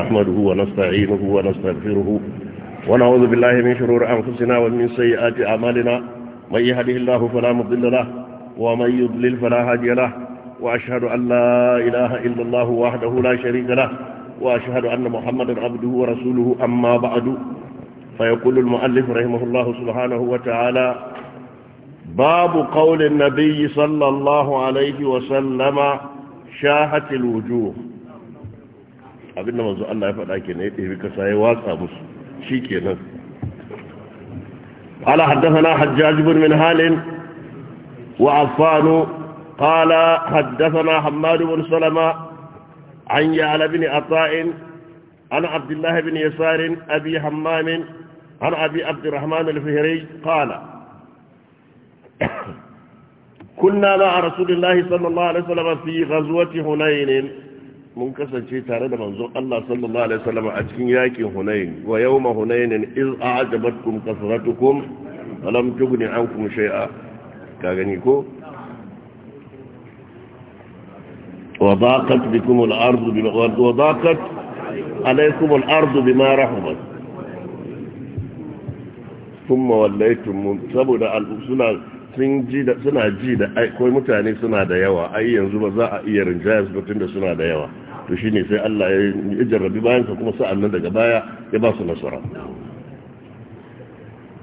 نحمده ونستعينه ونستغفره ونعوذ بالله من شرور أنفسنا ومن سيئات أعمالنا من يهده الله فلا مضل له ومن يضلل فلا هادي له وأشهد أن لا إله إلا الله وحده لا شريك له وأشهد أن محمدا عبده ورسوله أما بعد فيقول المؤلف رحمه الله سبحانه وتعالى باب قول النبي صلى الله عليه وسلم شاهت الوجوه abinda manzo Allah ya faɗa kenan ya ɗebi kasa ya watsa musu shikenan قال حدثنا حجاج بن منهال وعفان قال حدثنا حماد بن سلمة عن يعلى بن عطاء عن عبد الله بن يسار أبي حمام عن أبي عبد الرحمن الفهري قال كنا مع رسول الله صلى الله عليه وسلم في غزوة حنين mun kasance tare da manzon Allah sallallahu alaihi wasallam a cikin yaƙin Hunain wa yawma Hunain iz a'jabatkum kasratukum alam tughni ankum shay'a ka gani ko wa daqat bikum al-ard bima wa daqat alaykum al-ard bima rahabat thumma wallaytum saboda al-usulal sun ji da suna ji da kai mutane suna da yawa ai yanzu ba za a iya rinjaya su tunda suna da yawa to shine sai Allah ya jarrabi bayan ka kuma sa'an nan daga baya ya ba su nasara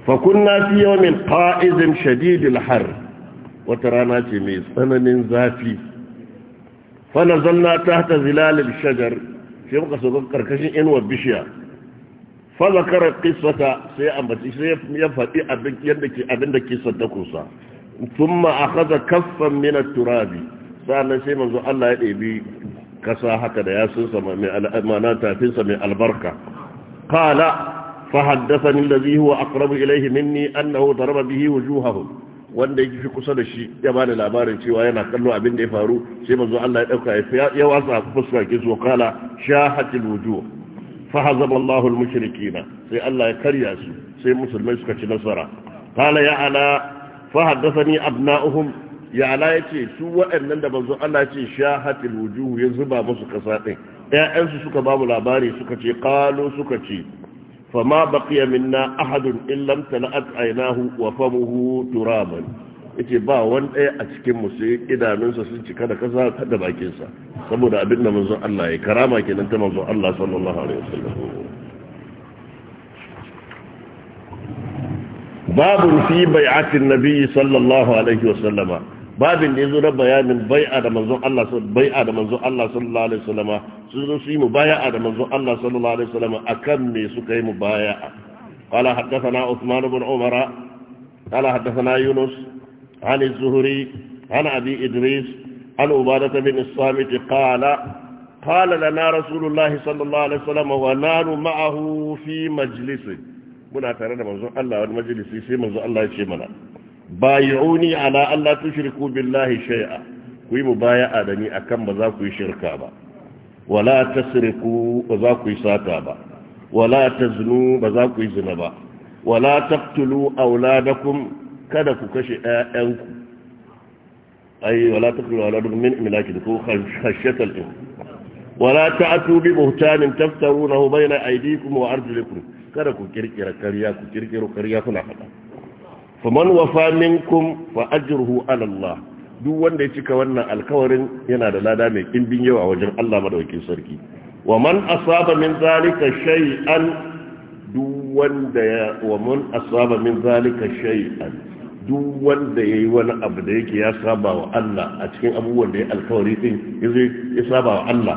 fa kunna fi yawmin qa'izin shadidil har wata rana ce mai tsananin zafi fa nazalna tahta zilalil shajar sai muka so karkashin inuwar bishiya fazakarar kisata sai mace sai ya faɗi abin da kisar ta kusa sun ma'akaza kaffan minar turabi sa'annan sai manzo Allah ya ɗabi kasa haka da yasinsa mana tafinsa mai albarka kala fahaddasa ni da huwa akrabu ilaihi minni annahu taraba bihi wujuhahum wanda yake fi kusa da shi ya bani labarin cewa yana kallo abin da ya faru sai manzo Allah ya a ya wasa fuskar kisu kala shahatil wuju. fa hazama Allahu al sai Allah ya karya su sai musulmai suka ci nasara qala ya ala fa haddathani abna'uhum ya ala yace su waɗannan da manzo Allah ce shahatil wujuh ya zuba musu kasa ɗin ƴaƴansu suka mu labari suka ce kalo suka ce فما بقي minna ahadun إن لم تلأت عيناه وفمه ترابا yace ba wani ɗaya a cikin mu idanunsa sun cika da kasa saboda abin da manzon Allah ya karama kenan ta manzon Allah sallallahu alaihi wasallam babun fi bai'atin nabi sallallahu alaihi wasallama babin da yazo na bayanin bai'a da manzon Allah bai'a da manzon Allah sallallahu alaihi wasallama sun zo su yi mubaya'a da manzon Allah sallallahu alaihi wasallama akan me suka yi mubaya'a قال حدثنا عثمان بن عمر قال حدثنا يونس عن الزهري عن أبي إدريس عن عبادة بن الصامت قال قال لنا رسول الله صلى الله عليه وسلم ونحن معه في مجلس muna tare da manzon Allah wani sai manzon Allah ya ce mana bayuni ala Allah tushriku billahi shay'a ku yi mubaya'a da ni akan ba za ku yi shirka ba wala tasriku ba za ku yi sata ba wala taznu ba za ku yi zina ba wala taqtulu auladakum kada ku kashe ƴaƴanku ai wala taqulu ala min imlaki ko khashyata ɗin. wala ta'tu na buhtanin na bayna kuma wa arjulikum kada ku kirkira karya ku kirkiro kariya kuna faɗa faman wafa minkum fa ajruhu ala Allah duk wanda ya cika wannan alkawarin yana da lada mai kimbin yawa wajen Allah madaukakin sarki wa man asaba min zalika shay'an duk wanda ya wa man asaba min zalika shay'an duk wanda ya yi wani abu da yake ya saba wa Allah a cikin abubuwan da ya alkawari din ya saba wa Allah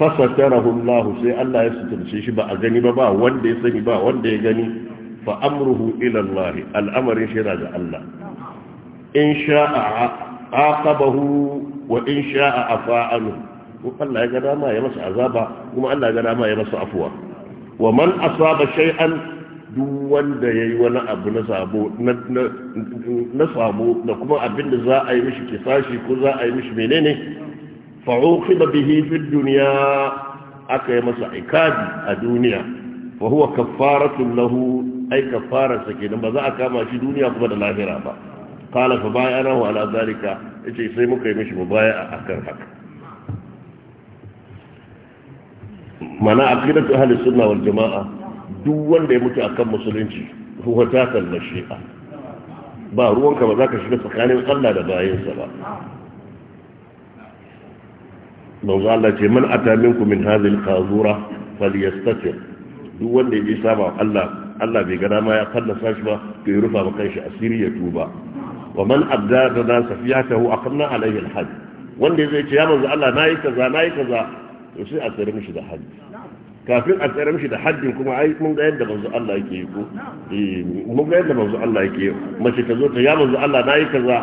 fasatarahullahu sai Allah ya suturce shi ba a gani ba ba wanda ya sani ba wanda ya gani fa amruhu ila Allah al'amarin shi ga Allah in sha'a aqabahu wa in sha'a afa'alu ko Allah ya ga dama ya masa azaba kuma Allah ya ga dama ya masa afuwa wa man asaba shay'an duk wanda ya yi wani abu na sabo na sabo da kuma abin da za a yi mishi kisashi ko za a yi mishi menene fa'uqiba bihi fi dunya aka yi masa ikabi a duniya fa huwa kaffaratun lahu ai kaffara sa kenan ba za a kama shi duniya kuma da lahira ba qala fa wa ala zalika yace sai muka yi mishi mubaya'a akan haka mana aqidatu ahli sunna wal jama'a duk wanda ya mutu akan musulunci huwa ta kalmar shi'a ba ruwanka ba za ka shiga tsakanin Allah da bayansa ba manzo Allah ce man ata minku min hadhihi al-qazura falyastatir duk wanda ya saba Allah Allah bai ga dama ya fallasa shi ba to ya rufa maka shi asiri ya tuba wa man abda da na a aqamna alayhi al-hajj wanda zai ce ya manzo Allah nayi kaza yi kaza to sai a tsare mishi da hajji kafin a tsere mishi da haddin kuma ai mun ga yadda manzo Allah yake yi ko eh, mun ga yadda manzo Allah yake yi mace ta zo ta ya manzo Allah na yi kaza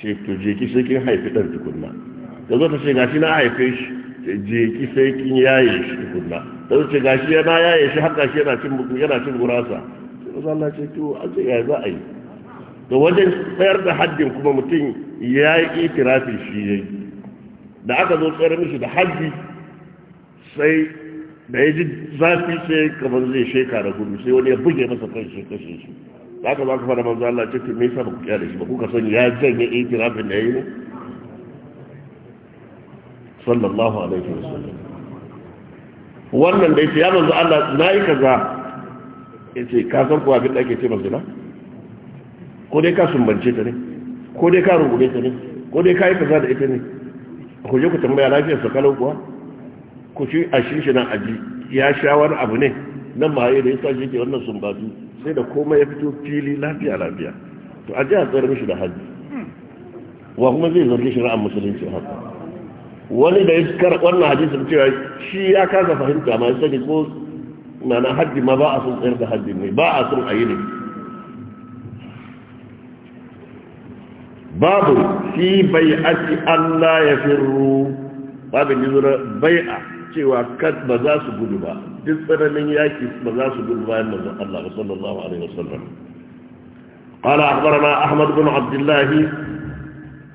ce to je ki sai kin haifi dan tukunna ta zo ta ce gashi na haife shi je ki sai kin yaye shi tukunna ta zo ce gashi na yaye shi har gashi yana cin yana cin gurasa manzo Allah ce to a ce ya za a yi to wajen tsayar da haddin kuma mutum ya yi itirafi shi yayi da aka zo tsayar mishi da haddi sai da ya ji zafi sai kamar zai sheka da gudu sai wani ya buge masa kan shi kashe shi za ka za ka fara manzo Allah ce ku me yasa ba ku kyale shi ba kuka son ya janye itirafin da yayi ne sallallahu alaihi wasallam wannan da yake ya manzo Allah nayi kaza yace ka san ko abin da ake ce manzo na ko dai ka sumbance ta ne ko dai ka rubuce ta ne ko dai ka yi kaza da ita ne ku je ku tambaya lafiyar sa kalau kuwa ku shi a shi shi aji ya shawar abu ne nan ma da yasa shi ke wannan sumbatu sai da komai ya fito fili lafiya lafiya to aji a tsarin shi da hajji wa kuma zai shi ra'an musulunci haka wani da ya kar wannan sun cewa shi ya kasa fahimta ma sani ko na hajji ma ba a sun tsayar da hajji ne ba a sun yi ne babu fi bai'ati Allah ya firru babin bai bai'a cewa kad ba za su gudu ba duk tsananin yaki ba za su gudu bayan manzon Allah sallallahu alaihi wasallam قال أخبرنا أحمد بن عبد الله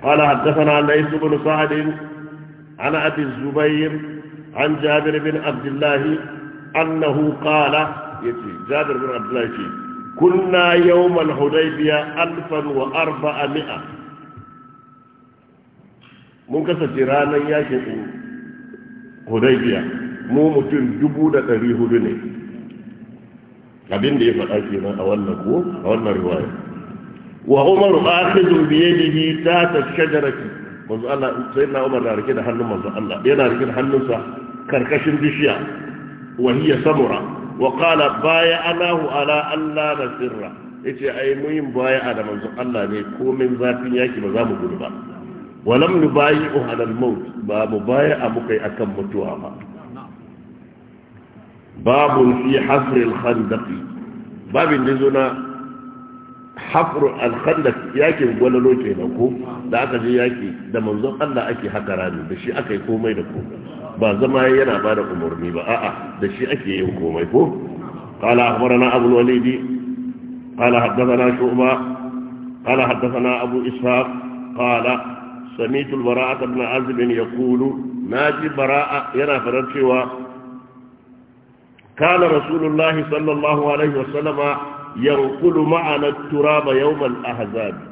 قال حدثنا ليس بن سعد عن أبي الزبير عن جابر بن عبد الله أنه قال يتي جابر بن عبد الله كنا يوم الحديبية ألفا وأربعمائة من كسر يا ياكي hudaybiya mu mutum dubu da ɗari hudu ne abin da ya faɗa kenan a wannan ko a wannan riwaya wa umaru akhidhu bi yadihi ta shajarati manzo Allah sai na Umar na rike da hannun manzo Allah yana rike da hannunsa karkashin bishiya wa hiya samura wa qala baya anahu ala alla nasirra yace ai muyin baya da manzo Allah ne komin zafin yaki ba za mu gudu ba walam mu bayi uhalal maut ba mu baya a mukai akan mutuwa ba babun fi hafril khandaqi babin da zo na hafru al-khandaq yakin gwalalo kenan da aka je yaki da manzon Allah ake haka rami da shi aka yi komai da ba zama yana ba da umarni ba a'a da shi ake yin komai ko قال أخبرنا أبو الوليد قال حدثنا شعبة قال حدثنا أبو إسحاق قال سميت البراءة بن عازب يقول ناجي براءة يرى فرنشوا كان رسول الله صلى الله عليه وسلم ينقل معنا التراب يوم الأحزاب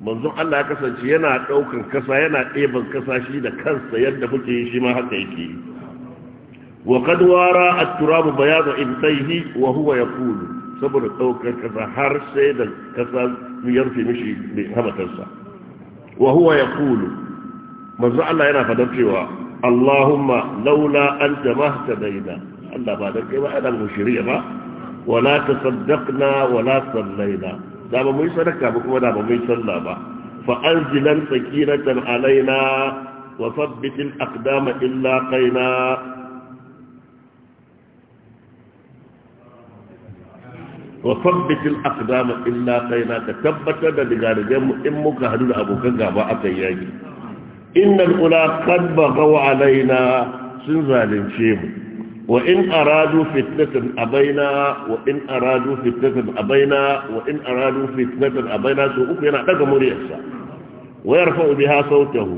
manzon Allah ya kasance yana ɗaukar kasa yana ɗeban kasa shi da kansa yadda muke yi shi ma haka yake yi. kad wara at-turab bayadu ibtayhi wa huwa Kulu, saboda ɗaukar ƙasa har sai da kasa ya mishi habatarsa وهو يقول من زعل الله هنا فدكيوا اللهم لولا أنت ما اهتدينا ألا فدكيوا أنا المشريع ولا تصدقنا ولا صلينا دابا ميسا لك بكم دابا ميسا لابا فأنزلا سكينة علينا وثبت الأقدام إلا قينا wa sabbitil aqdama illa kaina ka tabbatar da digarigan mu in muka hadu da abokan gaba akan yaki innal ula qad baghaw alaina sun zalunce mu wa in aradu fitnatan abaina wa in aradu fitnatan abaina wa in aradu fitnatan abaina so uku yana daga muryarsa wa yarfa'u biha sautahu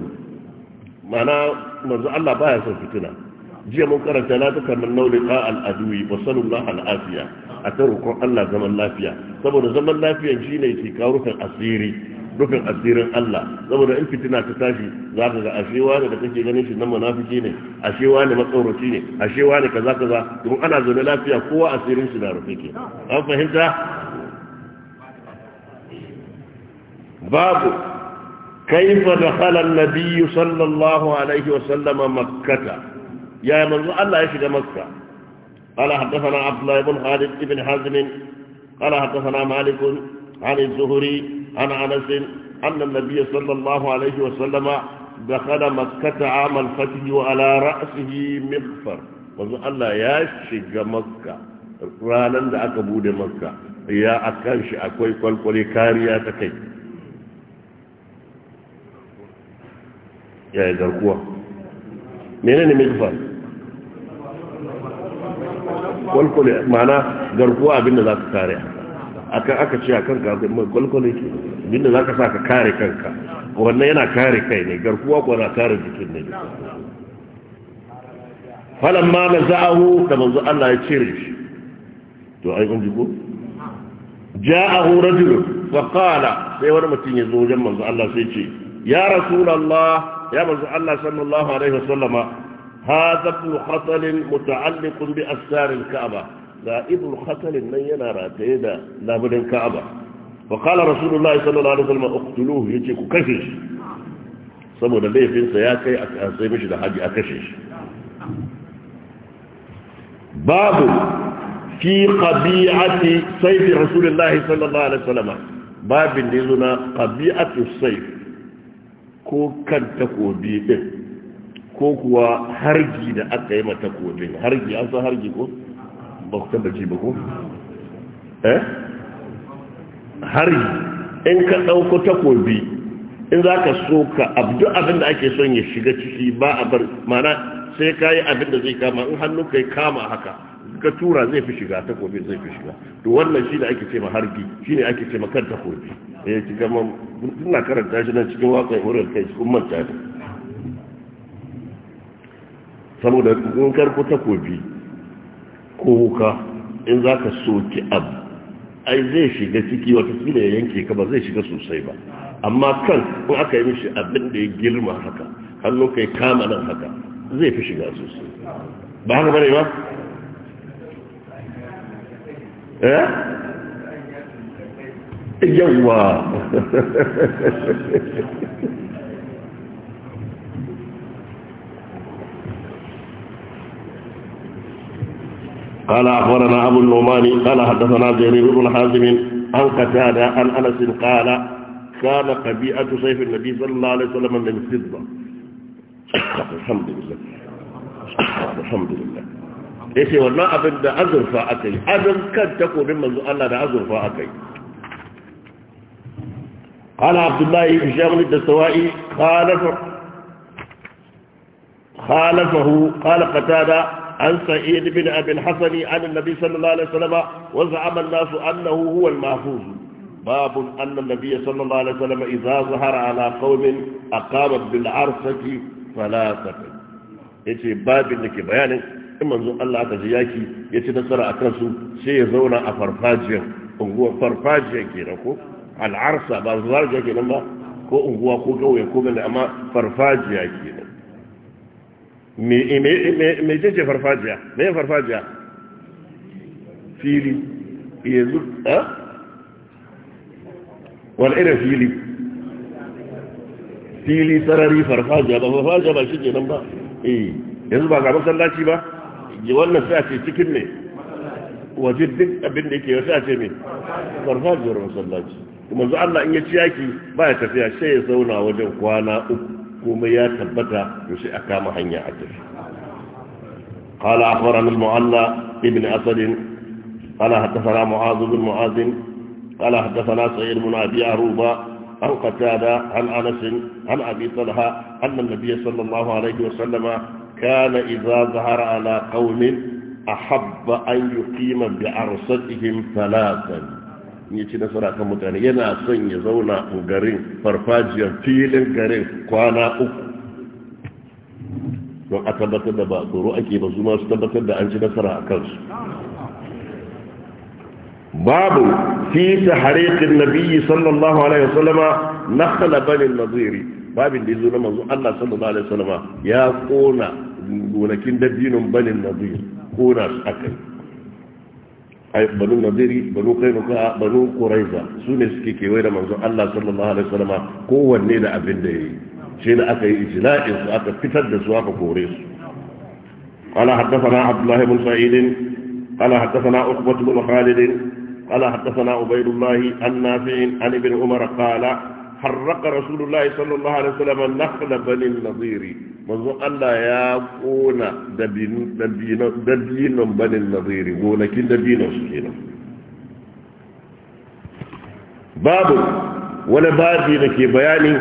mana manzo Allah baya son fitina jiya mun karanta la takammal nawliqa al adwi wa sallallahu al afiya a ta roƙon Allah zaman lafiya saboda zaman lafiyan shi ne ke kawo rufin asiri rufin asirin Allah saboda in fitina ta tashi za ka ga ashewa ne da kake ganin shi nan munafiki ne ashewa ne matsoroci ne ashewa ne kaza kaza don ana zaune lafiya kowa asirin shi na rufe ke an fahimta babu kaifa da an-nabiy sallallahu alaihi wa sallama makkah ya manzo Allah ya shiga makka. قال حدثنا عبد الله بن خالد بن حزم قال حدثنا مالك عن الزهري عن انس ان النبي صلى الله عليه وسلم دخل مكة عام الفتح وعلى رأسه مغفر وقال الله يا شيخ مكة رانا دا أكبود مكة يا أكانش أكوي كل كل كاريا تكي يا دركوا منين مغفر kwalkwale mana garkuwa abinda za ka kare akan aka ce akan mai kwalkwale ke abinda za ka sa ka kare kanka wannan yana kare kai ne garkuwa kuwa na kare jikin ne falon ma na za'ahu da manzo Allah ya cire shi to ai kun jiko ja'ahu rajulun wa qala sai wani mutum ya zo wajen manzo Allah sai ce ya rasulullah ya manzo Allah sallallahu alaihi wasallama هذا ابن خطل متعلق بأسار الكعبة لا ابن خطل من ينرى تيدا لا بد الكعبة وقال رسول الله صلى الله عليه وسلم اقتلوه يجيك كشش saboda laifinsa ya kai a sai mishi da haji a kashe shi babu fi qabi'ati sayf rasulullahi sallallahu alaihi wasallam babin da yazo na ko kan takobi din ko kuwa hargi da aka yi mata kodin hargi an san hargi ko ba ku tabbaci ba ko eh hargi in ka ɗauko takobi in za ka so ka abdu abin da ake son ya shiga ciki ba a bar mana sai ka yi abin da zai kama in hannu kai kama haka ka tura zai fi shiga takobi zai fi shiga to wannan shi da ake ce ma hargi shi ne ake ce ma kan takobi eh kika mun ina karanta shi nan cikin waƙa wurin kai kun manta saboda in karfi takobi ko wuka in za ka ki abu ai zai shiga ciki wata tsila ya yanke ka ba zai shiga sosai ba amma kan in aka yi mishi abin da ya girma haka hannun kai kama nan haka zai fi shiga sosai ba haka bane ba eh yawwa قال أخبرنا أبو النعمان قال حدثنا جرير بن حازم عن قتادة عن أنس قال كان قبيعة سيف النبي صلى الله عليه وسلم من فضة الحمد لله الحمد لله إيش هو abin da azurfa aka yi azur تكون takobin manzo Allah da azurfa قال عبد الله هشام الدستوائي خالف خالفه قال قتاده عن سعيد بن أبي الحسن عن النبي صلى الله عليه وسلم وزعم الناس أنه هو المحفوظ باب أن النبي صلى الله عليه وسلم إذا ظهر على قوم أقام بالعرفة ثلاثة يتي باب لك بيان إما نزو الله تجياكي يتي نصر أكرسو سيزونا أفرفاجيا unguwa farfajiya ke na ko al'arsa ba zarja ke nan ba ko unguwa ko kauye ko gani amma farfajiya ke nan me ce farfajiya me farfajiya fili yanzu a wani irin fili fili sarari farfajiya ba farfajiya ba shi ke nan ba eh yanzu ba ga masallaci ba wannan sai a ce cikin ne waje duk abin da yake wasu a ce mai farfajiyar masallaci kuma zuwa Allah in ya ci ba ya tafiya shi ya zauna wajen kwana uku komai ya tabbata to sai a kama hanya a tafi قال أخبرنا المعنى ابن أسد قال حدثنا معاذ بن معاذ قال حدثنا سعيد بن أبي عروبة عن قتادة عن أنس عن أبي طلحة أن النبي صلى الله عليه وسلم كان إذا ظهر على قوم أحب أن يقيم بعرستهم ثلاثا ya ci nasara kan mutane yana son ya zauna garin farfajiyar filin garin kwana uku don a tabbatar da ba tsoro ake ba zuma su tabbatar da an ci nasara a kansu babu fi harikin nabiyyi sallallahu alaihi wasallama nakhla bani naziri babin da zo na mazu Allah sallallahu alaihi wasallama ya kona gonakin dabbinin banin naziri kona su akai ai banu nadiri banu kainuka banu quraiza su ne suke kewaye da manzon Allah sallallahu alaihi wasallam kowanne da abin da yayi shi da aka yi ijla'in su aka fitar da su aka kore su قال حدثنا عبد الله بن سعيد قال حدثنا عقبة بن خالد قال حدثنا عبيد الله عن عن ابن عمر قال harraka rasulullahi sallallahu alaihi wasallam nakhla bani nadiri manzo Allah ya kona dabino dabino dabino bani nadiri gonakin dabino su kenan babu wani babi da ke bayani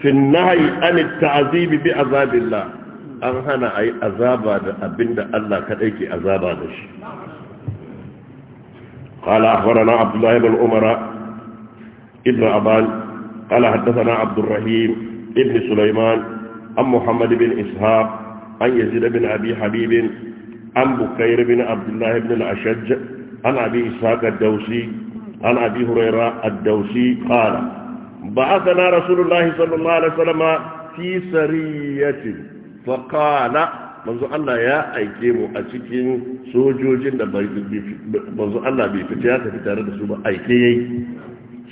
fi nahi an ta'zibi bi azabillah an hana ayi azaba da abinda Allah kadai ke azaba da shi قال أخبرنا عبد الله بن عمر ابن عبان قال حدثنا عبد الرحيم ابن سليمان عن محمد بن إسحاق عن يزيد بن أبي حبيب عن بكير بن عبد الله بن الأشج عن أبي إسحاق الدوسي عن أبي هريرة الدوسي قال بعثنا رسول الله صلى الله عليه وسلم في سرية فقال manzo Allah ya aike mu a cikin sojojin da manzo Allah bai fita ya tafi tare da su ba aike yayi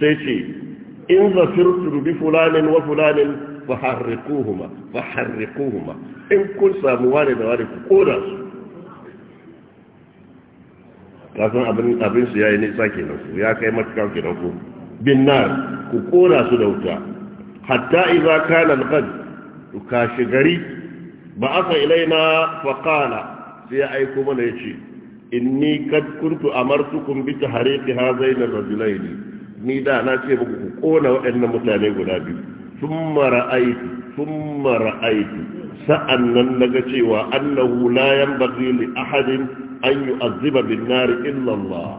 sai ce in zafirtum bi fulanin wa fulanin fa fa faharriquhuma in kun samu wani da wani ku koda su kasan abin abin su yayi nisa kenan su ya kai matakan kenan ku bin nar ku koda su da wuta hatta idza kana al-qad tukashi gari Ba aka ilaina fa qala sai aiko mana yace inni kad kuntu amartukum bi tahriqi hadain ar-rajulaini ni da na ce muku ku kona waɗannan mutane guda biyu sun aiki, sun mara'aitu sa'an nan naga cewa annahu la yan bagi li ahadin an yi azziba bin nari illallah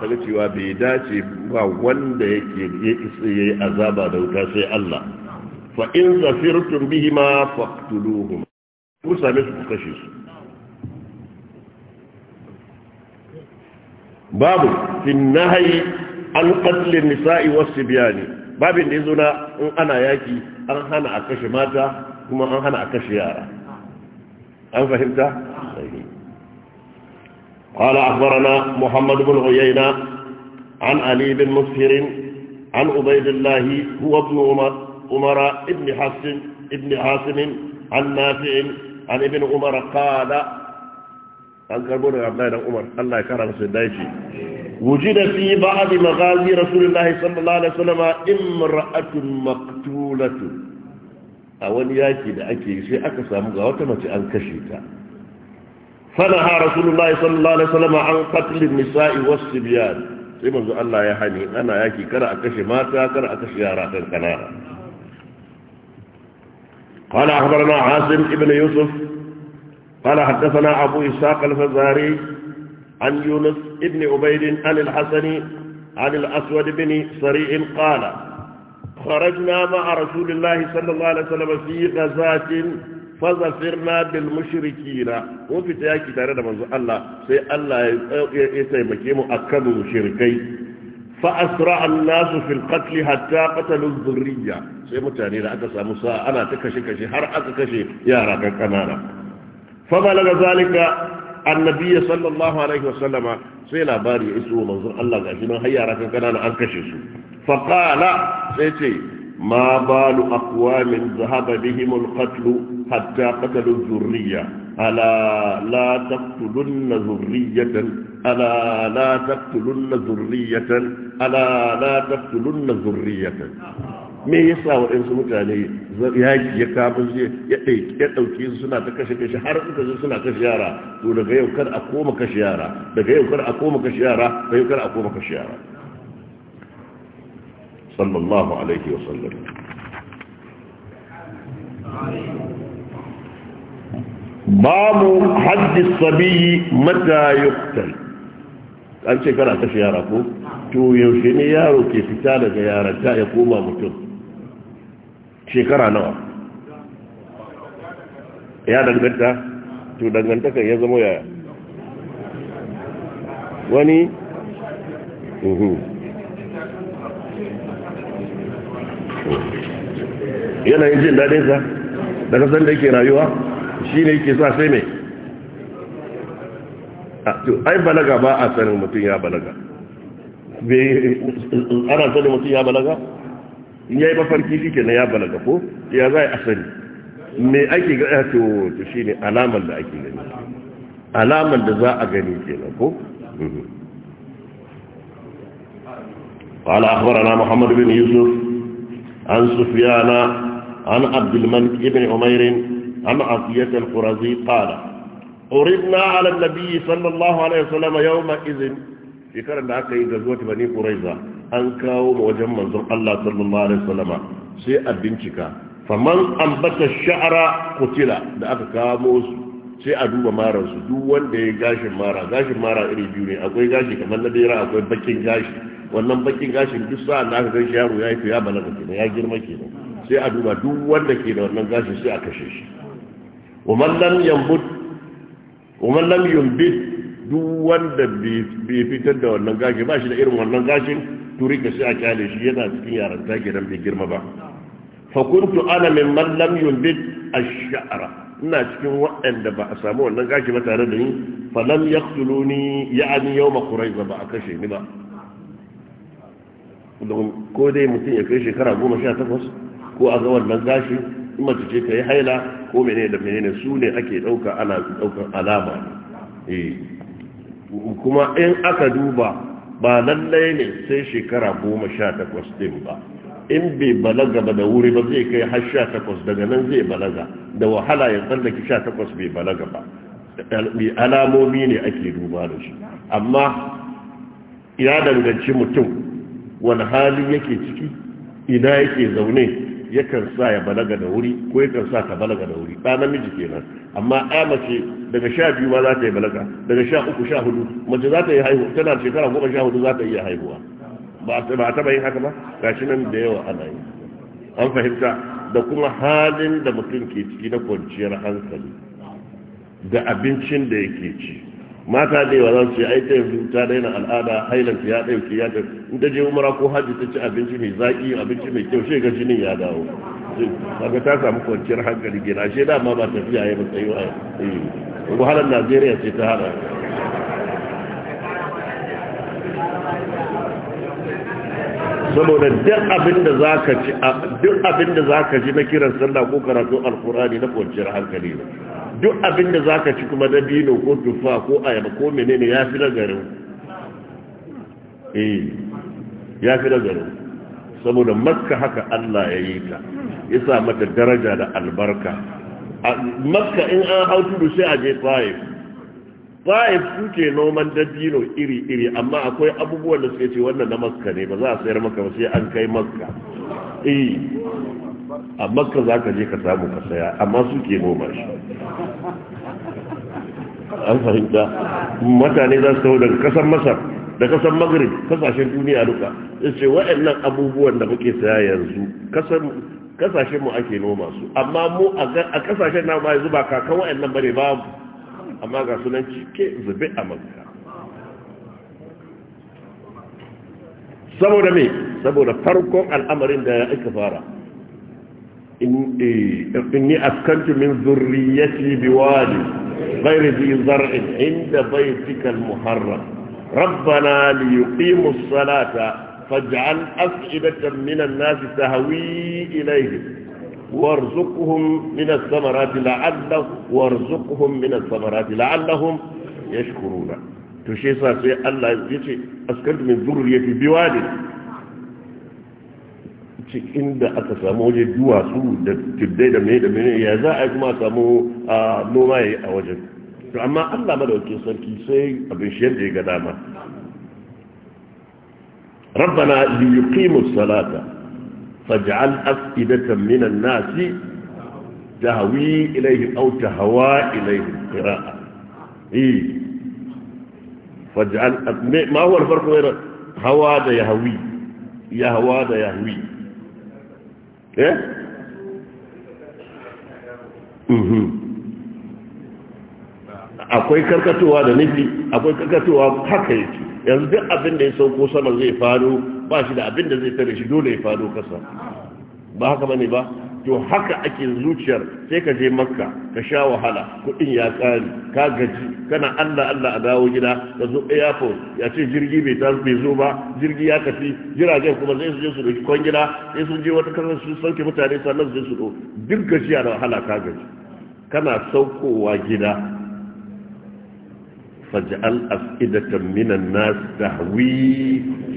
daga cewa bai dace ba wanda yake ya isa yayi azaba da wuta sai Allah fa in zafirtum bihima faqtuluhum ku same su ku kashe su babu fi an qatlin nisa'i wasbiyani babin da yazo na in ana yaki an hana a kashe mata kuma an hana a kashe yara an fahimta قال أخبرنا محمد بن عيينة عن علي بن مسهر عن عبيد الله هو ابن عمر عمر ابن حسن ابن حاسم عن نافع عن ابن عمر قال عن كربون عبد الله عمر الله يكرم سيدايتي وجد في بعض مغازي رسول الله صلى الله عليه وسلم امرأة مقتولة أول ياكي لأكي شيء أكسى مغاوتمة أنكشيتا فنهى رسول الله صلى الله عليه وسلم عن قتل النساء والصبيان sai manzo Allah ya hani ana yaki kar a kashe mata kar a kashe yara kan kanana قال أخبرنا عاصم ابن يوسف قال حدثنا أبو إسحاق الفزاري عن يونس ابن عبيد عن الحسن عن الأسود بن سريع قال خرجنا مع رسول الله صلى الله عليه وسلم في غزاة فظفرنا بالمشركين وفي تياكي تارد من الله سي الله يتيمكيم أكد مشركي فأسرع الناس في القتل حتى قتلوا الذرية سي متاني لا أتسى موسى أنا تكشي كشي هر أتكشي يا راك كنانا فبلغ ذلك annabi sallallahu alaihi wasallama sai labari ya iso manzon Allah gashi nan har yara kan kanana an kashe su fa qala sai ce ma balu aqwamin dhahaba bihim al-qatl hatta qatalu dhurriya ala la taqtulunna dhurriyatan ألا لا تقتلن ذرية ألا لا تقتلن ذرية me yasa waɗansu mutane yaki ya kafin su ya ɗauki su suna ta kashe kashe har suka zo suna kashe yara to daga yau kar a koma kashe yara daga yau kar a koma kashe yara daga yau kar a koma kashe yara sallallahu alaihi wa sallam babu haddis sabiyi mata yuktal an ce kana kashe yara ko to yaushe ne yaro ke fita daga yaranta ya koma mutum shekara nawa ya danganta to dangantaka ya zama yaya wani yanayin jin daɗinsa da kasan da yake rayuwa shi ne yake sa sai mai ai balaga ba a sanin mutum ya balaga ana sanin mutum ya balaga ya yi mafarki shi ke na ya balaga ko ya za a yi me ake gani a eh, cewa shi ne alamar da ake gani alamar da a gani ke ko ala akwara na muhammadu bin yusuf an sufiyana an abdulman ibn umairin an asiyat al-qurazi qala uridna ala nabi sallallahu alaihi wasallam yawma idhin shekaran da aka yi ga zuwa bani qurayza an kawo ma wajen manzon Allah sallallahu alaihi wasallama sai a bincika faman ambata sha'ara kutila da aka kawo su sai a duba maran su duk wanda ya gashin mara gashin mara iri biyu ne akwai gashi kamar na dera akwai bakin gashi wannan bakin gashin duk sa'an da aka gan shi yaro ya yi ya balaga kenan ya girma kenan sai a duba duk wanda ke da wannan gashi sai a kashe shi wa man lam yambut wa man lam yumbit duk wanda bai fitar da wannan gashi ba shi da irin wannan gashin turi ka shi a kyale shi yana cikin yaran take dan bai girma ba fa kuntu ana min mallam lam yunbit ash-sha'ra ina cikin waɗanda ba a samu wannan gashi ba tare da ni fa lam yaqtuluni ya'ani yawma quraiza ba a kashe ni ba ko dai mutum ya kai shekara goma sha takwas ko a ga wannan gashi in mace ce ka yi haila ko menene da menene su ne ake ɗauka ana ɗaukar alama ne eh, kuma in aka duba ba lallai ne sai shekara goma sha takwas ɗin ba in bai balaga ba da wuri ba zai kai har sha takwas daga nan zai balaga da wahala ya tsallake sha takwas bai balaga ba alamomi ne ake duba da shi amma ya danganci mutum wani hali yake ciki ina yake zaune yakan sa ya balaga da wuri ko yakan sa ta balaga da wuri ɗan namiji kenan amma a mace daga sha biyu ma za ta yi balaga daga sha uku sha hudu mace za ta yi haihuwa tana shekara goma sha hudu za ta iya haihuwa ba a taɓa yin haka ba shi nan da yawa ana yi an fahimta da kuma halin da mutum ke ciki na kwanciyar hankali da abincin da yake ci mata da yawa zan ce ai ta yanzu ta daina al'ada hailan ya ɗauki ya ɗauki in ta je umara ko hajji ta ci abinci mai zaƙi abinci mai kyau shi ga jinin ya dawo kaga ta samu kwanciyar hankali gina shi dama ba tafiya ya matsayi wa eh, wahalar najeriya ce ta hada saboda duk abin da za ka ci duk abin da za ka ji na kiran sallah ko karatu alkurani na kwanciyar hankali ne duk abin da za ka ci kuma na dino ko tufa ko ayaba ko menene ya fi nagarin eh ya fi nagarin saboda maska haka allah ya yi ta ya sa mata daraja da albarka Maska in an hau tudu sai a je tsaif su suke noman dabino iri-iri amma akwai abubuwan da suke ce wannan na maska ne ba za a sayar maka ba sai an kai maska. eh a makka za ka je ka samu ka saya amma su ke noma shi an fahimta mutane za su daga kasan masar da kasan magrib kasashen duniya duka ce waɗannan abubuwan da muke saya yanzu kasashen mu ake noma su amma mu a kasashen na yanzu zuba kakan waɗannan bane babu amma ga sunan cike zube a makka saboda me saboda farkon al'amarin da ya aika fara إيه، إني أسكنت من ذريتي بواد غير ذي زرع عند بيتك المحرم ربنا ليقيموا الصلاة فاجعل أفئدة من الناس تهوي إليهم وارزقهم من الثمرات لعلهم وارزقهم من الثمرات لعلهم يشكرون تشيسا سي الله يشي أسكنت من ذريتي بوادي cikin da aka samu waje duwatsu da tuddai da mene da mene ya za a yi kuma samu noma ya yi a wajen to amma allah madaukin sarki sai abin shi yadda ya ga dama ربنا ليقيموا الصلاة فاجعل أفئدة من الناس تهوي إليهم أو تهوى إليهم قراءة إيه فاجعل ما هو الفرق بين هوى ده يهوي يهوى ده يهوي Eh? Mhm. akwai karkatowa da nufi akwai karkatowa haka yake yanzu duk abin da ya sauko sama zai faru ba shi da abin da zai tare shi dole ya faru kasa ba haka bane ba to haka ake zuciyar sai ka je makka ka sha wahala kuɗin ya ƙare ka gaji kana allah allah a dawo gida ka zo airport ya ce jirgi bai ta bai zo ba jirgi ya tafi jiragen kuma zai su je su ɗauki kwangila sai sun je wata kasar su sauke mutane sannan su je su duk gajiya da wahala ka gaji kana saukowa gida faj'al af'idatan minan nas tahwi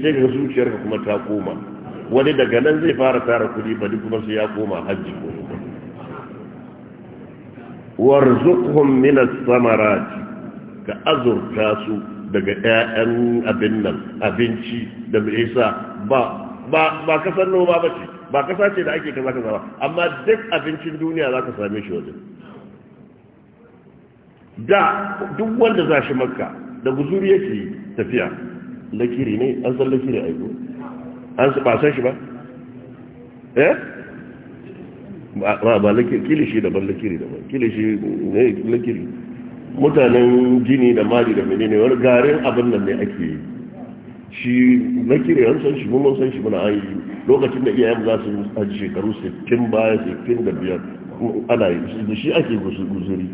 sai ga zuciyarka kuma ta koma wani daga nan zai fara tara kuɗi ba duk kuma su ya koma hajji ko warzuqhum min as-samarat ka azurta su daga ƴaƴan abin nan abinci da isa ba ba ba kasar noma ba ce ba kasa ce da ake kaza kaza ba amma duk abincin duniya zaka same shi wajen da duk wanda za shi makka da guzuri yake tafiya lakiri ne an san lakiri aiko an su ba shi ba eh ba ba kilishi daban lakiri daban kilishi ne lakiri mutanen gini da mali da menene wani garin abin nan ne ake yi shi lakiri an san shi mun san shi muna an yi lokacin da iyayen za su aji shekaru 60 baya da biyar ana yi da shi ake guzuri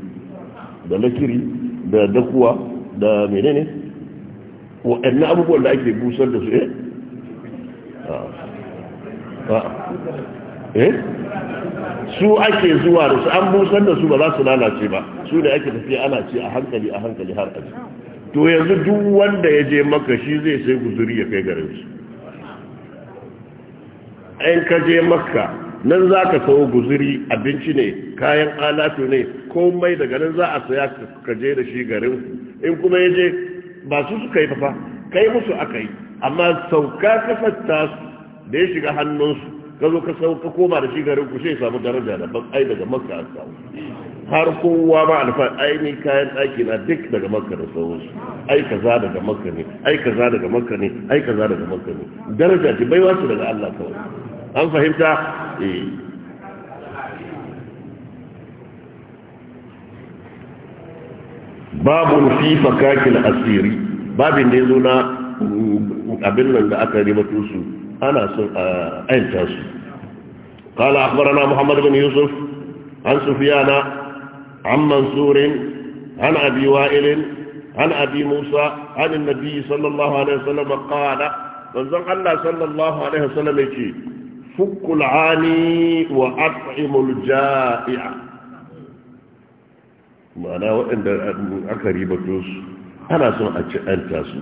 da lakiri da dakuwa da menene waɗannan abubuwan da ake busar da su eh Eh? su ake zuwa da su an busar da su ba za su lalace ba su da ake tafiya ana ce a hankali a hankali har aji to yanzu duk wanda ya je maka shi zai sai guzuri ya kai garin su in ka je maka nan za ka sau guzuri abinci ne kayan alatu ne komai daga nan za a saya ka je da shi garin in kuma ya je ba su suka yi fafa kai musu aka yi amma sauka kasar ta da ya shiga hannunsu ka zo ka sauka koma da shi garin ku sai samu daraja da ban ai daga makka a samu har kowa ma alfa ai ni kayan ɗaki na duk daga makka da sauransu ai za daga makka ne ai za daga makka ne ai za daga makka ne daraja ce bai wasu daga Allah kawai an fahimta eh babu fi fakakil asiri babin da ya zo na abin nan da aka ribato su ana son a ayyanta su qala akhbarana muhammad bin yusuf an sufiyana an mansurin an abi wa'ilin an abi musa an nabi sallallahu alaihi wasallam qala manzon allah sallallahu alaihi wasallam yake fukul ani wa at'imul ja'i'a ma'ana waɗanda aka ribato su ana son a ci su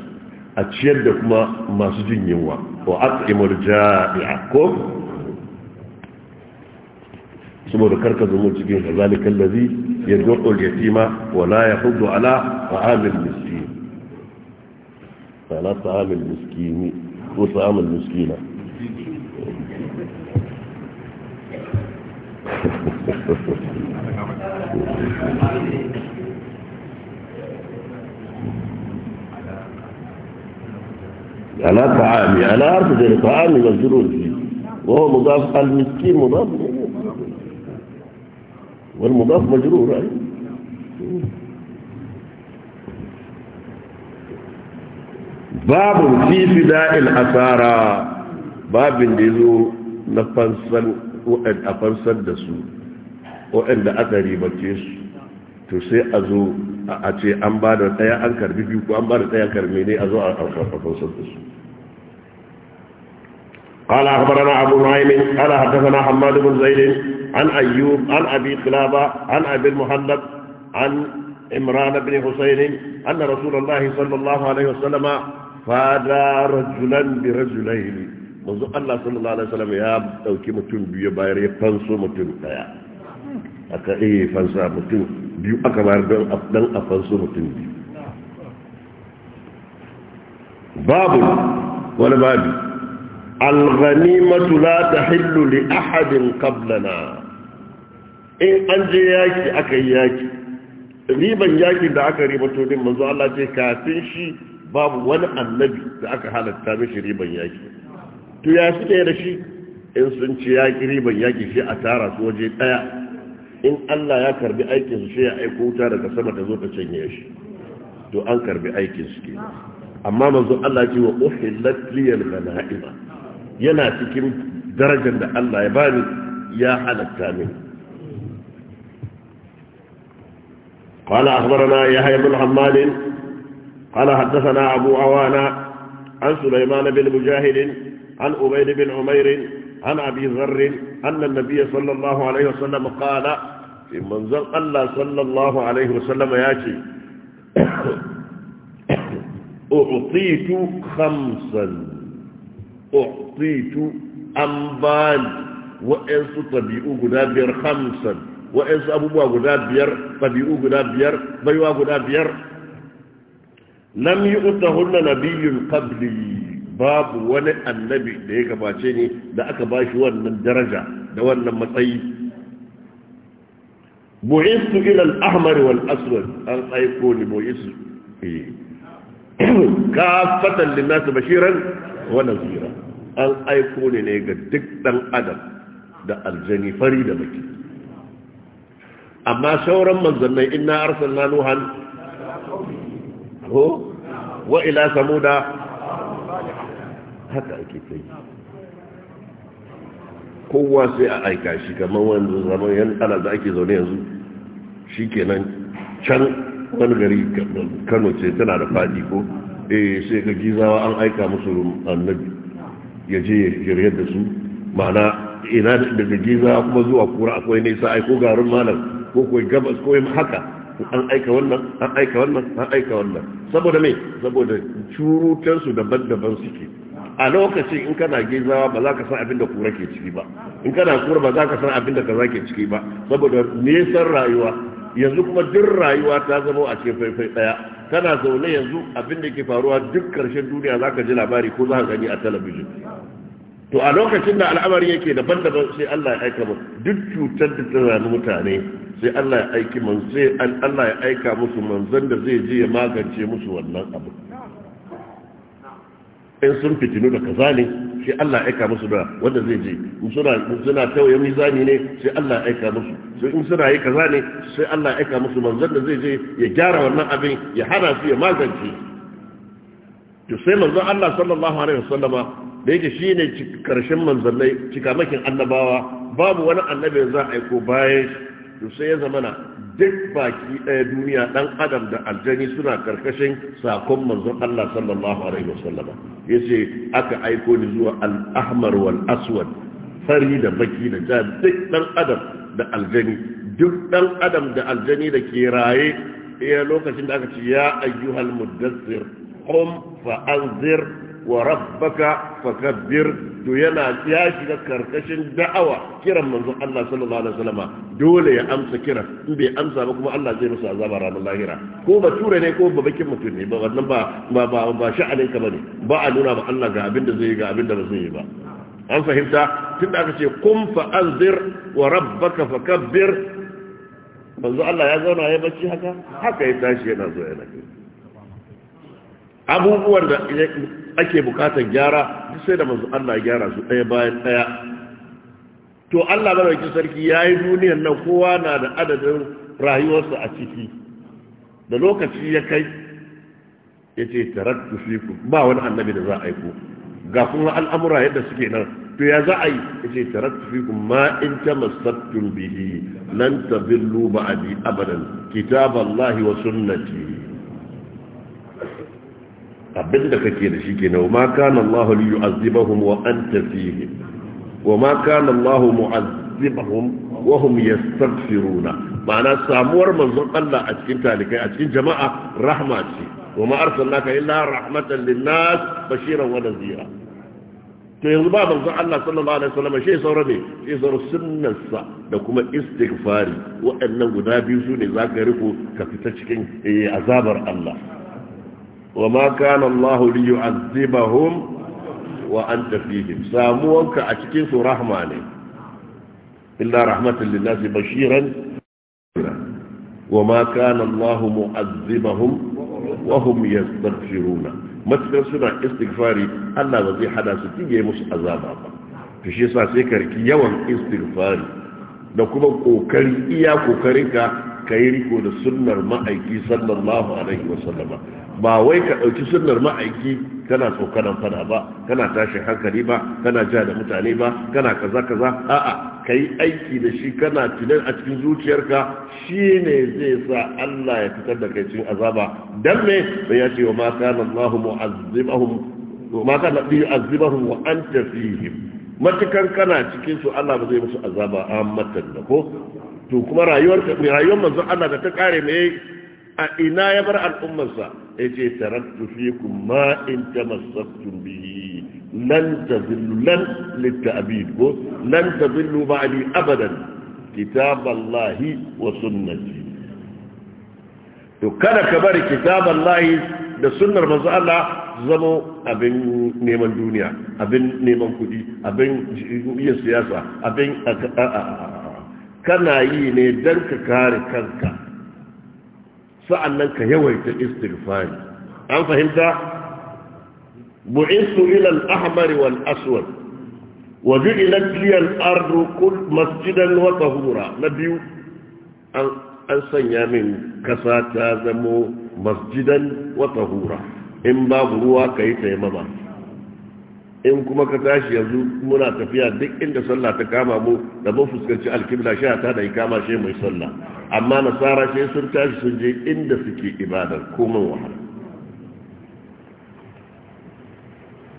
a ciyar da kuma masu jin yunwa wa at'imul ja'i'a ko saboda karka zama cikin kazalikal ladhi yad'u al-yatima wa la yahuddu ala ta'am al-miskin ala ta'am al-miskin ko ta'am al-miskina Thank you. على طعامي على أرض زي طعامي مجرور فيه وهو مضاف المسكين مضاف والمضاف مجرور أيضا باب في فداء الأسارى باب ديزو نفنسل وأن أفنسل دسو وأن أتري بكيش تسيء أزو a ce an bada da ɗaya an karbi biyu ko an ba da ɗaya karbi ne a zo a karfafan sabbin su ƙala haɓar na abu ma'aimin ƙala haɗasa na hamadu bin zaidin an ayyu an abi kilaba an abi muhallab an imran bin husainin an na rasulullahi sallallahu alaihi wasallam fada rajulan bi rajulaini manzo allah sallallahu alaihi wasallam ya dauki mutum biyu bayar ya fanso mutum daya aka iya fansa mutum biyu aka bayar don a fansu mutum biyu babu wani babu alghanimatu la tahillu li ahadin kablana in an je yaki aka yi yaki riban yaki da aka riba to din manzo Allah ce kafin shi babu wani annabi da aka halatta mishi riban yaki to ya suke da shi in sun ci yaki riban yaki shi a tara su waje daya in Allah ya karbi aikinsu sai ya aiko wuta daga sama ta zo ta canye shi to an karbi aikinsu ke amma manzo Allah ce wa uhillat liyal ghanaima yana cikin darajar da Allah ya bani ya halatta min قال أخبرنا يحيى بن حماد قال حدثنا أبو عوانة عن سليمان بن مجاهد عن أبيد بن عمير عن أبي ذر أن النبي صلى الله عليه وسلم قال في منزل الله صلى الله عليه وسلم ياتي أعطيت خمسا أعطيت أنبال وإنس طبيعو قدابير خمسا وإنس أبوبوا قدابير طبيعو قدابير بيوا قدابير لم يؤتهن نبي قبلي babu wani annabi da ya gabace ne da aka ba shi wannan daraja da wannan matsayi bu'istu ila al-ahmar wal aswad an aiko ni bu'istu kafatan linnas bashiran wa nadhira an aiko ni ne ga duk dan adam da aljani fari da baki amma sauran manzannai inna arsalna nuhan ko wa ila samuda haka ake kai kowa sai a aika shi kamar wani zaman yan ana da ake zaune yanzu shi kenan can wani gari kano ce tana da fadi ko eh sai ga gizawa an aika musu annabi ya je ya shiryar da su ma'ana ina daga gizawa kuma zuwa kura akwai nesa aiko garin malam ko kuwa gabas ko haka an aika wannan an aika wannan an aika wannan saboda me saboda curutarsu daban-daban suke a lokacin in kana gizawa ba za ka san abin da kura ke ciki ba in kana kura ba za ka san abin da kaza ke ciki ba saboda nesan rayuwa yanzu kuma duk rayuwa ta zama a cikin faifai daya kana zaune yanzu abin da ke faruwa duk karshen duniya za ka ji labari ko za ka gani a talabijin to a lokacin da al'amari yake daban-daban sai Allah ya aika mu. duk cutar da ta zama mutane sai Allah ya aiki sai Allah ya aika musu manzon da zai je ya magance musu wannan abu in sun fitinu da kaza ne sai Allah aika musu da wanda zai je in suna suna tauye mizani ne sai Allah aika musu sai in suna yi kaza ne sai Allah aika musu manzon da zai je ya gyara wannan abin ya hana su ya magance to sai manzon Allah sallallahu alaihi wasallama da yake shine karshen manzannai cikamakin annabawa babu wani annabi za a aiko bayan to sai ya zamana duk baki ɗaya duniya ɗan adam da aljani suna karkashin sakon manzon Allah sallallahu alaihi wasallam yace aka aiko ni zuwa al-ahmar wal aswad fari da baki da ja duk ɗan adam da aljani duk ɗan adam da aljani da ke raye ya lokacin da aka ce ya ayyuhal muddassir qum fa anzir wa rabbaka fakabbir to yana ya shiga karkashin da'awa kiran manzon Allah sallallahu alaihi wasallam dole ya amsa kiran in bai amsa ba kuma Allah zai masa azaba ranar lahira ko ba ture ne ko babakin mutum ne ba wannan ba ba ba, ba sha'anin ka bane ba a nuna ba Allah ga abin da zai yi ga abin da ba zai yi ba an fahimta tun da aka ce kum fa anzir wa rabbaka fakabbir manzo Allah ya zauna ya bacci haka haka ya tashi yana zo yana abubuwan da ake bukatar gyara duk sai da manzo Allah gyara su ɗaya bayan ɗaya to Allah madaukakin sarki ya yi duniyar nan kowa na da adadin rayuwarsa a ciki da lokaci ya kai ya ce tarattu fikum ba wani annabi da za a aiko ga kuma al'amura yadda suke nan to ya za a yi ya ce tarattu fikum ma in ta tamassattum bihi lan tabillu ba'di abadan kitaballahi wa sunnati abin da kake da shi kenan ma kana Allah li yu'azzibahum wa anta fihi wa ma kana Allah mu'azzibahum wa hum yastaghfiruna ma'ana samuwar manzon Allah a cikin talikai a cikin jama'a rahma ce wa ma arsalnaka illa rahmatan lin-nas bashiran wa nadhira to yanzu ba manzon Allah sallallahu alaihi wasallam shi saura ne shi saura sunnarsa da kuma istighfari waɗannan guda biyu su ne zaka riko ka fita cikin eh, azabar Allah wama kana Allah liyu'azzibahum wa anta fihim samuwanka a cikin su rahma ne illa rahmatan lin nasi bashiran wama kana Allah mu'azzibahum wa hum yastaghfirun matsayin suna istighfari Allah ba zai hada su tige musu azaba ba to shi yasa karki yawan istighfari da kuma kokari iya kokarinka ka yi riko da sunnar ma'aiki sallallahu alaihi sallama ba wai ka ɗauki sunnar ma'aiki kana tsokanan fada ba kana tashin hankali ba kana ja da mutane ba kana kaza kaza a'a ka yi aiki da shi kana tunan a cikin zuciyarka shi ne zai sa Allah ya fitar da kai cikin azaba dan me bai ya ce wa ma kana Allahu mu'azzibahum ma kana yu'azzibahum wa anta fihim matukan kana cikin su Allah ba zai musu azaba a matan da ko to kuma rayuwar rayuwar manzon Allah da ta kare me. a ina ya bar al'ummarsa ya ce tarattu fikum ma in ta tamassaktum bihi lan zillu lan litta'bid ko lan tazillu ba'di abadan kitaballahi wa sunnati to kada ka bari kitaballahi da sunnar manzo Allah zamo abin neman duniya abin neman kudi abin yin siyasa abin kana yi ne don ka kare kanka sa'annan ka yawaita istighfari an fahimta bu'istu ila al wal aswad wa ju'ilat li al masjidan wata hura na biyu an sanya min kasa ta zamo masjidan wata hura, in babu ruwa yi taimama in kuma ka tashi yanzu muna tafiya duk inda sallah ta kama mu da mun fuskanci alkibla sha ta da ikama shi mai sallah amma nasara shi sun tashi sun je inda suke ibadar komai wahala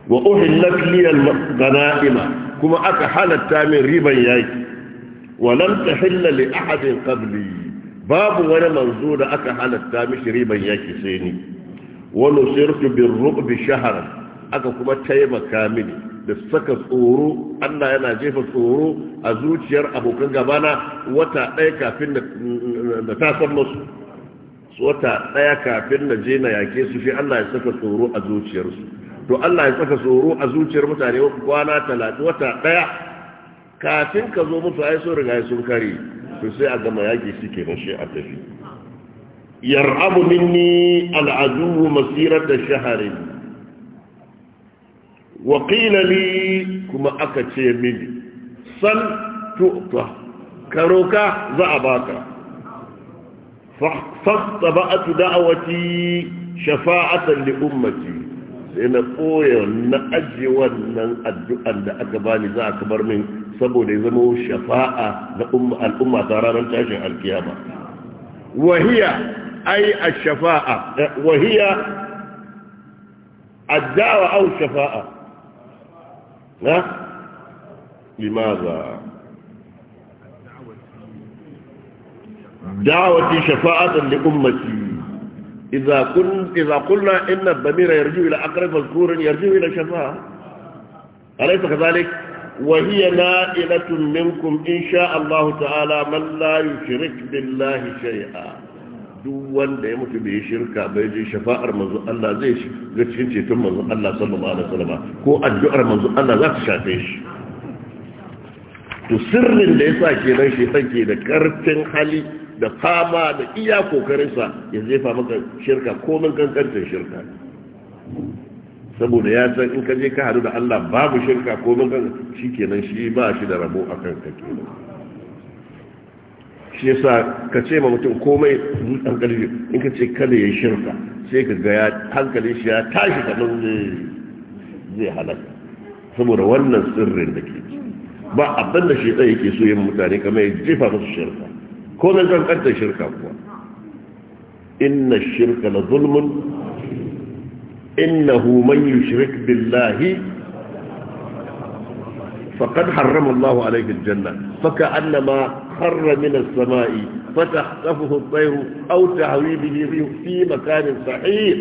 wa uhillat li al kuma aka halatta min riban yaki wa lam tahilla li ahadin qabli babu wani manzo da aka halatta mishi riban yaki sai ni wa nusirtu bin rubi shahran aka kuma taimaka mini da saka tsoro Allah yana jefa tsoro a zuciyar abokan gabana wata ɗaya kafin da ta san musu wata ɗaya kafin na je na yake su shi Allah ya saka tsoro a zuciyarsu to Allah ya saka tsoro a zuciyar mutane kwana talatin wata ɗaya kafin ka zo musu ai sun riga sun kare to sai a gama yaki shi ke shi a tafi yar'abu minni al'adu da shaharin وقيل لي كما أكتشي مني سل تؤطى كروكا زعباكا فاختبأت دعوتي شفاعة لأمتي سينا قوية نأجي ونن الدعاء أكباني ذا أكبر من سبو لزمو شفاعة لأم الأمة ترانا تاشن الكيامة وهي أي الشفاعة وهي الدعوة أو الشفاعة نعم لماذا دعوتي شفاعة لأمتي إذا, كنت إذا قلنا إن الضمير يرجع إلى أقرب مذكور يرجع إلى شفاعة أليس كذلك وهي نائلة منكم إن شاء الله تعالى من لا يشرك بالله شيئا duk wanda ya mutu bai shirka bai je shafa'ar manzo Allah zai ga cikin ceton manzo Allah sallallahu alaihi wasallam ko addu'ar manzo Allah za ta shafe shi to sirrin da yasa kenan shi take da karfin hali da fama da iya kokarinsa ya zefa maka shirka ko komin kankantar shirka saboda ya san in ka je ka hadu da Allah babu shirka ko min shi shikenan shi ba shi da rabo akan kanka kenan shi yasa ka ce ma mutum komai dutsen karfi in ka ce kada ya shirka sai ka ga hankalin shi ya tashi kamar zai halaka saboda wannan sirrin da ke ba abin da shi tsaye so yin mutane kamar ya jefa musu shirka ko na kankantar shirka kuwa inna shirka la zulmun innahu man yushrik billahi faqad harrama Allahu alayhi janna faka annama خر من السماء فتخطفه الطير أو تهوي به الريح في مكان صحيح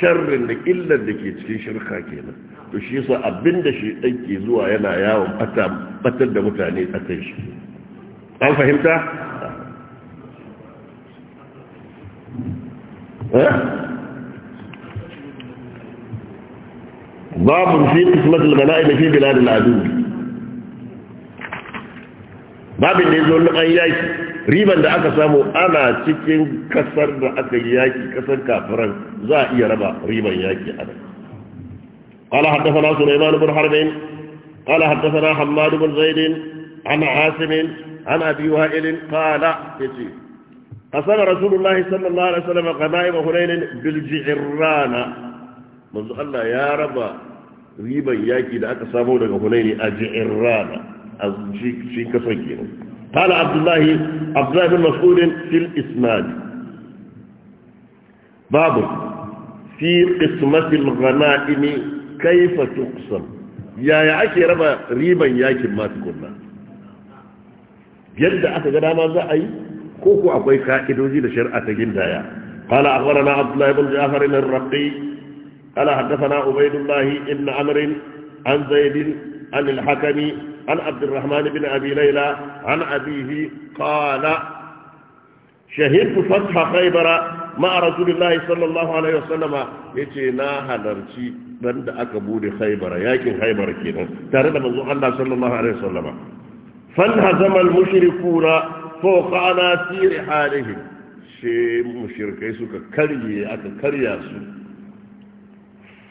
شر لك إلا لك يتكي شرخا كينا تشيصا أبن دشي أيكي زوا ينا ياهم أتا قتل دمتاني أتيش هل فهمت؟ ها؟ باب في قسمة الغنائم في بلاد العدو babin da ya zo an yaki riban da aka samu ana cikin kasar da aka yi yaki kasar kafiran za a iya raba riban yaki a nan قال حدثنا سليمان بن حرب قال حدثنا حماد بن زيد عن عاصم عن أبي وائل قال يسير أصاب رسول الله صلى الله عليه وسلم غنائم هنين بالجعران منذ الله يا رب ريبا ياكي لأك سامونا هنين أجعرانا شي كسكين قال عبد الله عبد الله بن مسعود في الإسناد باب في قسمة الغنائم كيف تقسم يا يا أكي ربا ريبا يا أكي ما تقولنا جد أكي ما زعي كوكو أبوي كائد لشرعة شرعة جندايا قال أخبرنا عبد الله بن جعفر الرقي قال حدثنا عبيد الله بن عمر عن زيد عن الحكم عن عبد الرحمن بن أبي ليلى عن أبيه قال شهدت فتح خيبر مع رسول الله صلى الله عليه وسلم يتنا هلرشي بند أكبود خيبر ياكن خيبر كينا تارد من الله صلى الله عليه وسلم فانهزم المشركون فوقعنا في رحالهم sai mushirkai suka karye aka karya su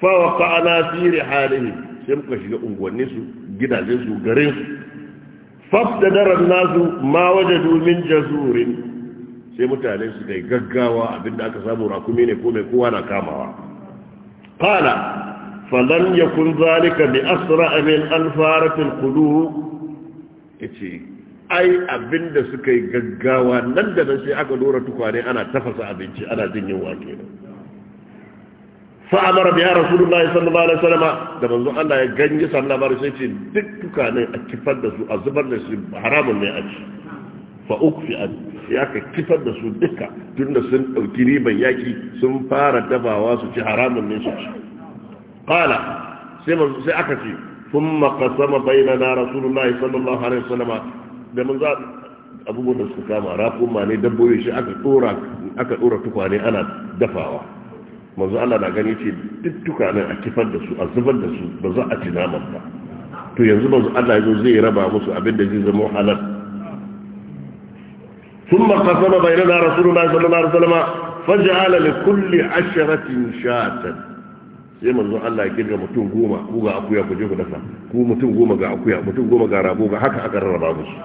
fawa ka'ana fi rihalihim sai muka shiga unguwanninsu gidajen su gare su da daren nasu ma waje domin jazurin sai mutane su kai gaggawa abinda aka samu rakumi ne ko mai kowa na kamawa Fala. falon ya kun zalika bi asra amin alfaratin kudu ya ce ai abinda suka yi gaggawa nan da nan sai aka dora tukwane ana tafasa abinci ana jin yin wake fa'amara biya rasulullahi sallallahu alaihi wasallam da manzo Allah ya ganyi sannan bar sai ce duk ne a kifar da su a zubar da su haramun ne a ci fa ukfi an ya ka kifar da su duka tunda sun dauki riban yaki sun fara dabawa su ci haramun ne su ci qala sai manzo sai aka ce thumma qasama bainana rasulullahi sallallahu alaihi wasallam da manzo abubuwan da suka kama rafuma ne dabbobi shi aka dora tukwane ana dafawa manzo Allah na gani ce duk nan a kifar da su a zubar da su ba za a ci naman ba to yanzu manzo Allah yazo zai raba musu abin da zai zama halal thumma qasama bainana rasulullahi sallallahu alaihi wasallam faj'ala li kulli asharatin shatan sai manzo Allah ya kirga mutum goma ko ga akuya ku je ku dafa ku mutum goma ga akuya mutum goma ga rabo ga haka aka rarraba musu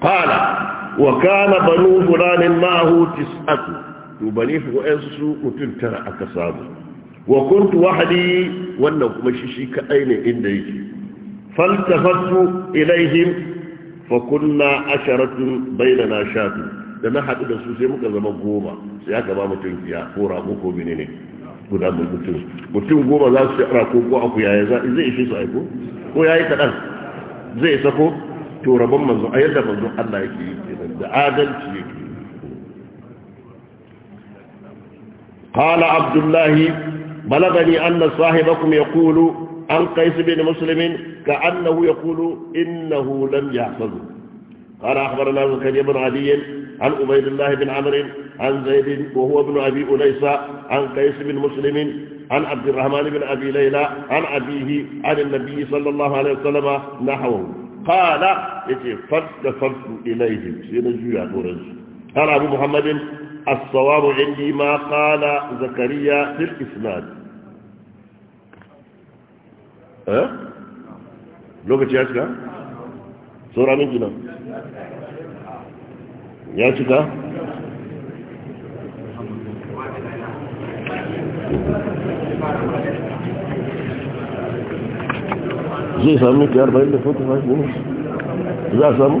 qala wa kana banu fulanin ma'ahu tis'atu bane fi wa'ansu su mutum tara aka samu wa kuntu wahadi wannan kuma shi shi kadai ne inda yake faltafattu ilaihim fa kunna asharatun bainana shatu da na haɗu da su sai muka zama goma sai aka ba mutum ya ko rago ko menene guda mutum mutum goma za su shara ko ko aku yaya zai ishe su aiko ko yayi kaɗan zai sako to rabon manzo a yadda manzo Allah yake yi da adalci yake قال عبد الله بلغني أن صاحبكم يقول عن قيس بن مسلم كأنه يقول إنه لم يحفظه قال أخبرنا زكريا بن عدي عن عبيد الله بن عمرو عن زيد وهو ابن أبي أليس عن قيس بن مسلم عن عبد الرحمن بن أبي ليلى عن أبيه عن النبي صلى الله عليه وسلم نحوه قال يتفت فت إليهم سينجوا يا قرنس قال أبو محمد الصواب عندي ما قال زكريا في الإسناد أه؟ لوكتي يا سورة من جنة يا زي سامي كيار أربعين لفوت فاش بونس زي سامي